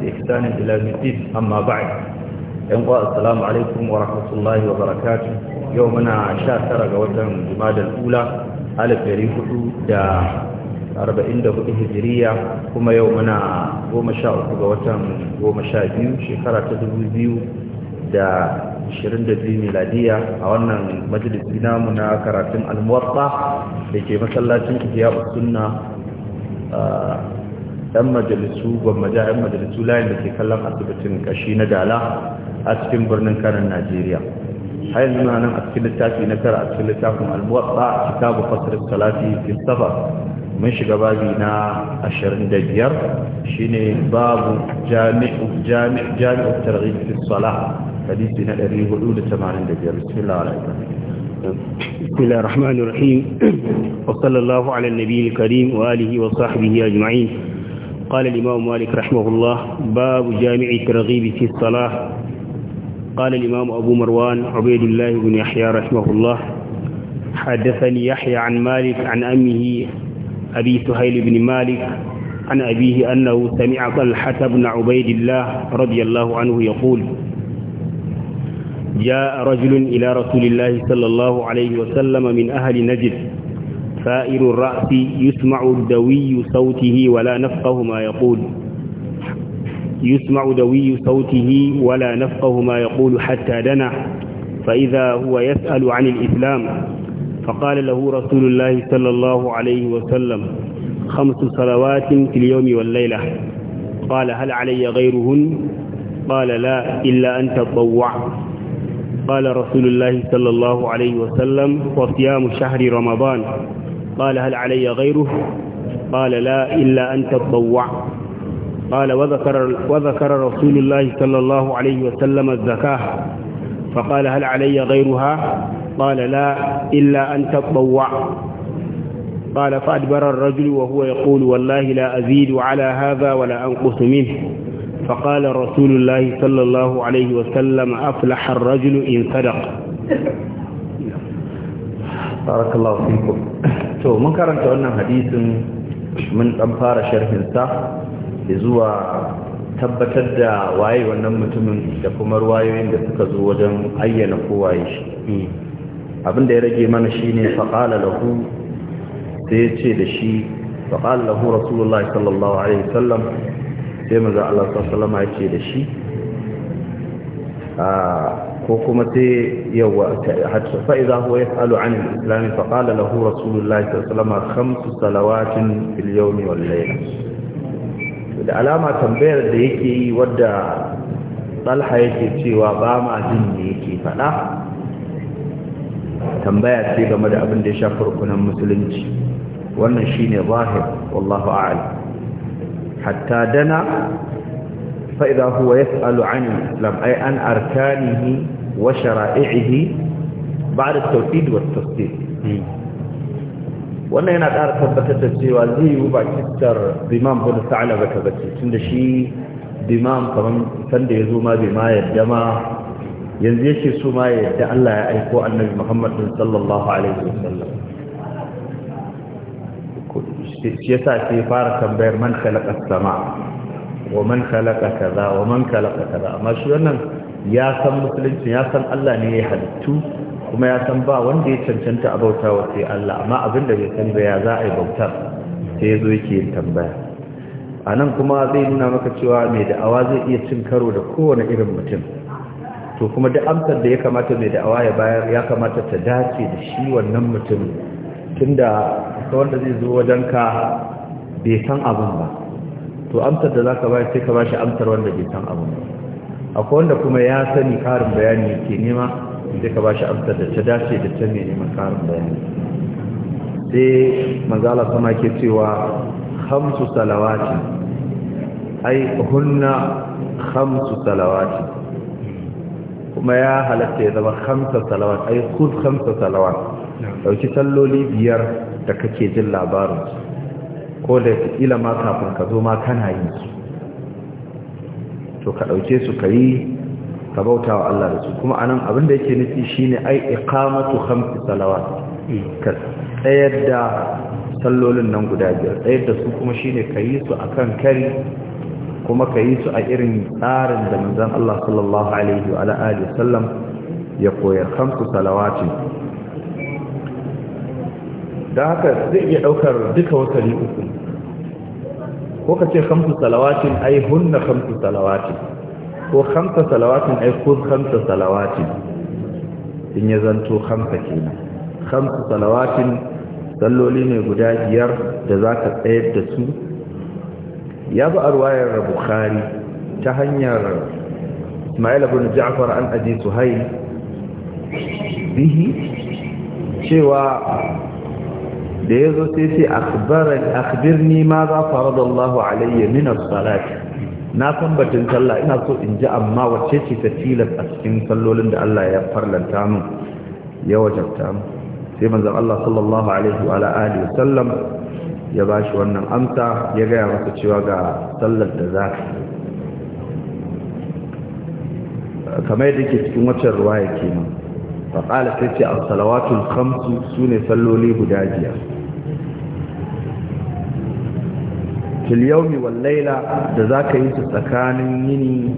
بإحسان إلى المدين أما بعد ينقى السلام عليكم ورحمة الله وبركاته يومنا عشاء سرق وطن جماد الأولى على فريق دا أربع دا هجرية كما يومنا ومشاء شاء وطن ومشاء شاء بيو شكرة تدبو بيو دا 22 miladiya a wannan majalisi namu na karatun almuwarta da ke masallacin ijiya sunna ɗan majalisu gwammaja 'yan majalisu layin da ke kallon asibitin kashi na dala a cikin birnin karin najeriya har yanzu nan a cikin littafi na tara a cikin littafin almuwatsa kitabu fasir salati fistafa mun shiga babi na 25 shine babu jami'u jami'u jami'u targhib fi salah hadisi na 485 bismillah alaikum بسم الله الرحمن الرحيم وصلى الله على النبي الكريم وآله وصحبه أجمعين قال الإمام مالك رحمه الله باب جامع الترغيب في الصلاة قال الإمام أبو مروان عبيد الله بن يحيى رحمه الله حدثني يحيى عن مالك عن أمه أبي سهيل بن مالك عن أبيه أنه سمع طلحة بن عبيد الله رضي الله عنه يقول جاء رجل إلى رسول الله صلى الله عليه وسلم من أهل نجد سائر الرأس يسمع دوي صوته ولا نفقه ما يقول يسمع دوي صوته ولا نفقه ما يقول حتى دنا فإذا هو يسأل عن الإسلام فقال له رسول الله صلى الله عليه وسلم خمس صلوات في اليوم والليلة قال هل علي غيرهن قال لا إلا أن تطوع قال رسول الله صلى الله عليه وسلم وصيام شهر رمضان قال هل علي غيره قال لا إلا أن تطوع قال وذكر, وذكر رسول الله صلى الله عليه وسلم الزكاة فقال هل علي غيرها قال لا إلا أن تطوع قال فأدبر الرجل وهو يقول والله لا أزيد على هذا ولا أنقص منه فقال رسول الله صلى الله عليه وسلم أفلح الرجل إن صدق barakallahu fikum to mun karanta wannan hadisin mun dan fara sharhin sa zuwa tabbatar da waye wannan mutumin da kuma ruwayoyin da suka zo wajen ayyana ko waye shi abin da ya rage mana shine faqala lahu sai ya ce da shi faqala lahu rasulullahi sallallahu alaihi wasallam sai manzo Allah sallallahu alaihi wasallam ya ce da shi ah, ko kuma sai yawa hatta fa idza huwa yasalu an al-islam fa qala lahu rasulullah sallallahu alaihi khamsu salawatin fil yawmi wal da alama tambayar da yake yi wadda talha yake cewa ba ma jin ne yake fada tambaya ce game da abin da ya shafi rukunan musulunci wannan shine zahir wallahu a'lam hatta dana فإذا هو يسأل عن الإسلام أي عن أركانه وشرائعه بعد التوحيد والتصديق wannan yana ƙara tabbatar da cewa zai yi ba kitar dimam ko da sa'ala ba ta bace tun da shi dimam kamar da ya zo ma bai ma yadda ma yanzu yake so ma yadda Allah ya aiko annabi Muhammad sallallahu alaihi wasallam shi yasa sai fara tambayar man khalaqa as-sama wa man khalaqa kaza wa man khalaqa kaza amma shi wannan ya san musulunci ya san Allah ne ya halittu kuma ya san ba wanda ya cancanta a bauta wa sai Allah amma abin da bai san ba ya za a yi bautar sai ya zo yake yin tambaya a nan kuma zai nuna maka cewa mai da'awa zai iya cin karo da kowane irin mutum to kuma duk amsar da ya kamata mai da'awa ya bayar ya kamata ta dace da shi wannan mutum tunda ka wanda zai zo wajenka bai san abin ba to amsar da zaka bayar sai ka bashi amsar wanda bai san abu akwai wanda kuma ya sani karin bayani yake nema sai ka bashi amsar da ta dace da ta mai neman karin bayani sai manzala sama ke cewa khamsu salawati ai hunna khamsu salawati kuma ya halatta ya zama khamsa salawat ai kud khamsa salawat dauki salloli biyar da kake jin labarin ko da kila ma kafin ka zo ma kana yi to ka ɗauke su ka yi ka bauta wa Allah da su kuma anan abin da yake nufi shine ai iqamatu khamsi salawat ka tsayar da sallolin nan guda biyar tsayar da su kuma shine ka yi su akan kari kuma ka yi su a irin tsarin da manzon Allah sallallahu alaihi wa alihi sallam ya koyar khamsu salawatin don haka zai iya ɗaukar duka wata uku ko ka ce kamsu salawatin ai hunna kamsu salawatin ko kamsa salawatin ai kun kamsa salawatin in ya zanto kamsa kenan kamsu salawatin salloli ne guda biyar da za ka tsayar da su ya zo a ruwayar bukhari ta hanyar ismail abu ja'far an aji suhail bihi cewa da ya zo sai sai akhbirni ma za faru da Allah alayya min as-salati na san batun sallah ina so in ji amma wacce ce ta tilas a cikin sallolin da Allah ya farlanta mu ya wajabta mu sai manzon Allah sallallahu alaihi wa alihi sallam ya bashi wannan amsa ya gaya masa cewa ga sallar da za kamar yadda ke cikin waccan ruwaya kenan faƙala sai ce a salawatul khamsu su ne salloli guda biyar fil yawmi wal layla da zaka yi su tsakanin yini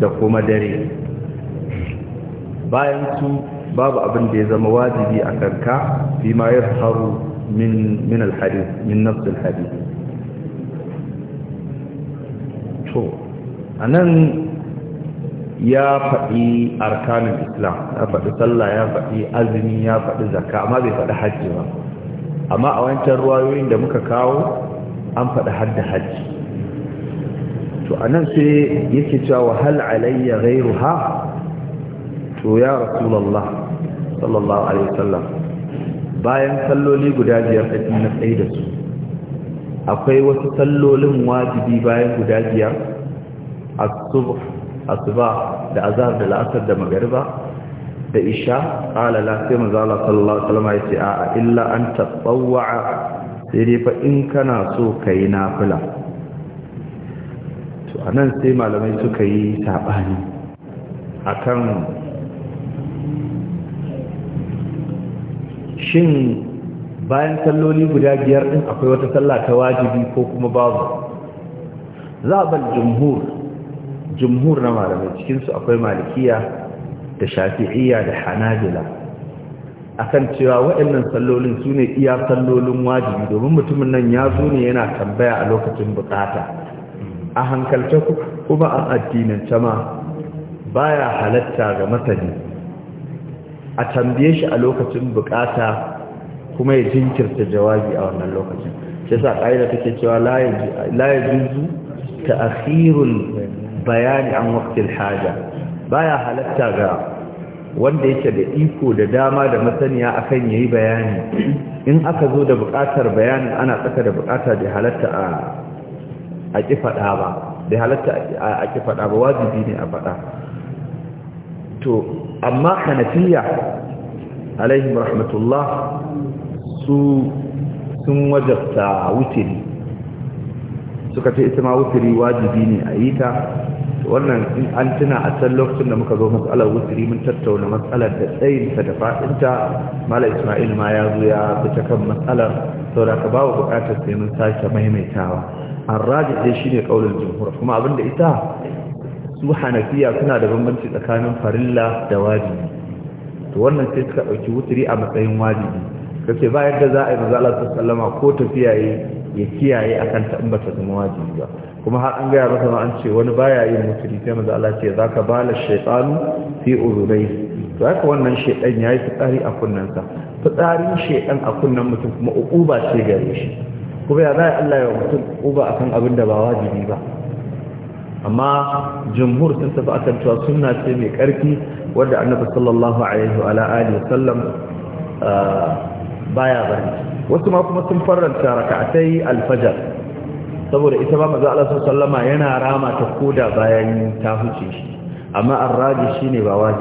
da kuma dare bayan su babu abin da ya zama wajibi a karka, fi ma yadharu min min min nafs al hadith to anan ya faɗi arkanin islam ya faɗi sallah ya faɗi azumi ya faɗi zakka amma bai faɗi hajji ba amma a wancan ruwayoyin da muka kawo an faɗa hadda da hajji to a nan sai yake cewa hal alayya gairu ha to ya rasulallah sallallahu alaihi wasallam bayan salloli guda biyar da na tsaye da su akwai wasu sallolin wajibi bayan guda biyar asuba da azhar da la'asar da magariba da isha qala sai manzo Allah sallallahu alaihi wasallam yace a illa an tatawwa sai fa in kana so ka yi nafila to a nan sai malamai suka yi saɓani a kan shin bayan salloli guda biyar ɗin akwai wata sallah ta wajibi ko kuma babu zaɓar jumhur jumhur na malamai cikinsu akwai malikiya da shafi'iyya da hanabila akan cewa waɗannan sallolin su ne iya sallolin wajibi domin mutumin nan ya zo ne yana tambaya a lokacin bukata a hankalce kuma addinin cama ba ya halatta ga masani a tambaye shi a lokacin bukata kuma ya jinkirta jawabi a wannan lokacin shi sa ƙa'ida take cewa la ta akhirun bayani an waqtil haja Ba ya halatta ga wanda yake da iko da dama da masaniya akan yayi bayani in aka zo da bukatar bayanin ana tsaka da buƙata da halatta a a ki ba da halatta a ki ba wajibi ne a faɗa to amma hanafiya alaihim rahmatullah su sun wajabta wutiri suka ce ita ma wutiri wajibi ne a yi ta wannan in an tuna a can lokacin da muka zo matsalar wuturi mun tattauna matsalar da tsayin ta da fa'inta mala ismail ma ya zo ya fita kan matsalar saboda ka bawa bukatar sai mun sake maimaitawa an raji dai shine kaulin jumhur kuma abin da ita su hanafiya suna da bambanci tsakanin farilla da wajibi to wannan sai suka dauki wuturi a matsayin wajibi kace ba yadda za a yi manzo Allah sallama ko tafiya yi ya kiyaye akan ta in zama wajibi ba kuma har an gaya masa an ce wani baya yin mutuli sai manzo Allah ce zaka bala shaytanu fi uzurai to haka wannan shaytan yayi fitsari a kunnansa fitsarin shaytan a kunnan mutum kuma uquba ce gare shi kuma ya zai Allah ya mutum uba akan abin da ba wajibi ba amma jumhur sun tafi akan cewa sunna ce mai karfi wanda annabi sallallahu alaihi wa alihi wasallam ah, baya bari wasu ma kuma sun faranta raka'atai alfajar saboda ita ba maza Allah sallama yana rama ta koda bayan ta huce shi amma arraji shine ba wajibi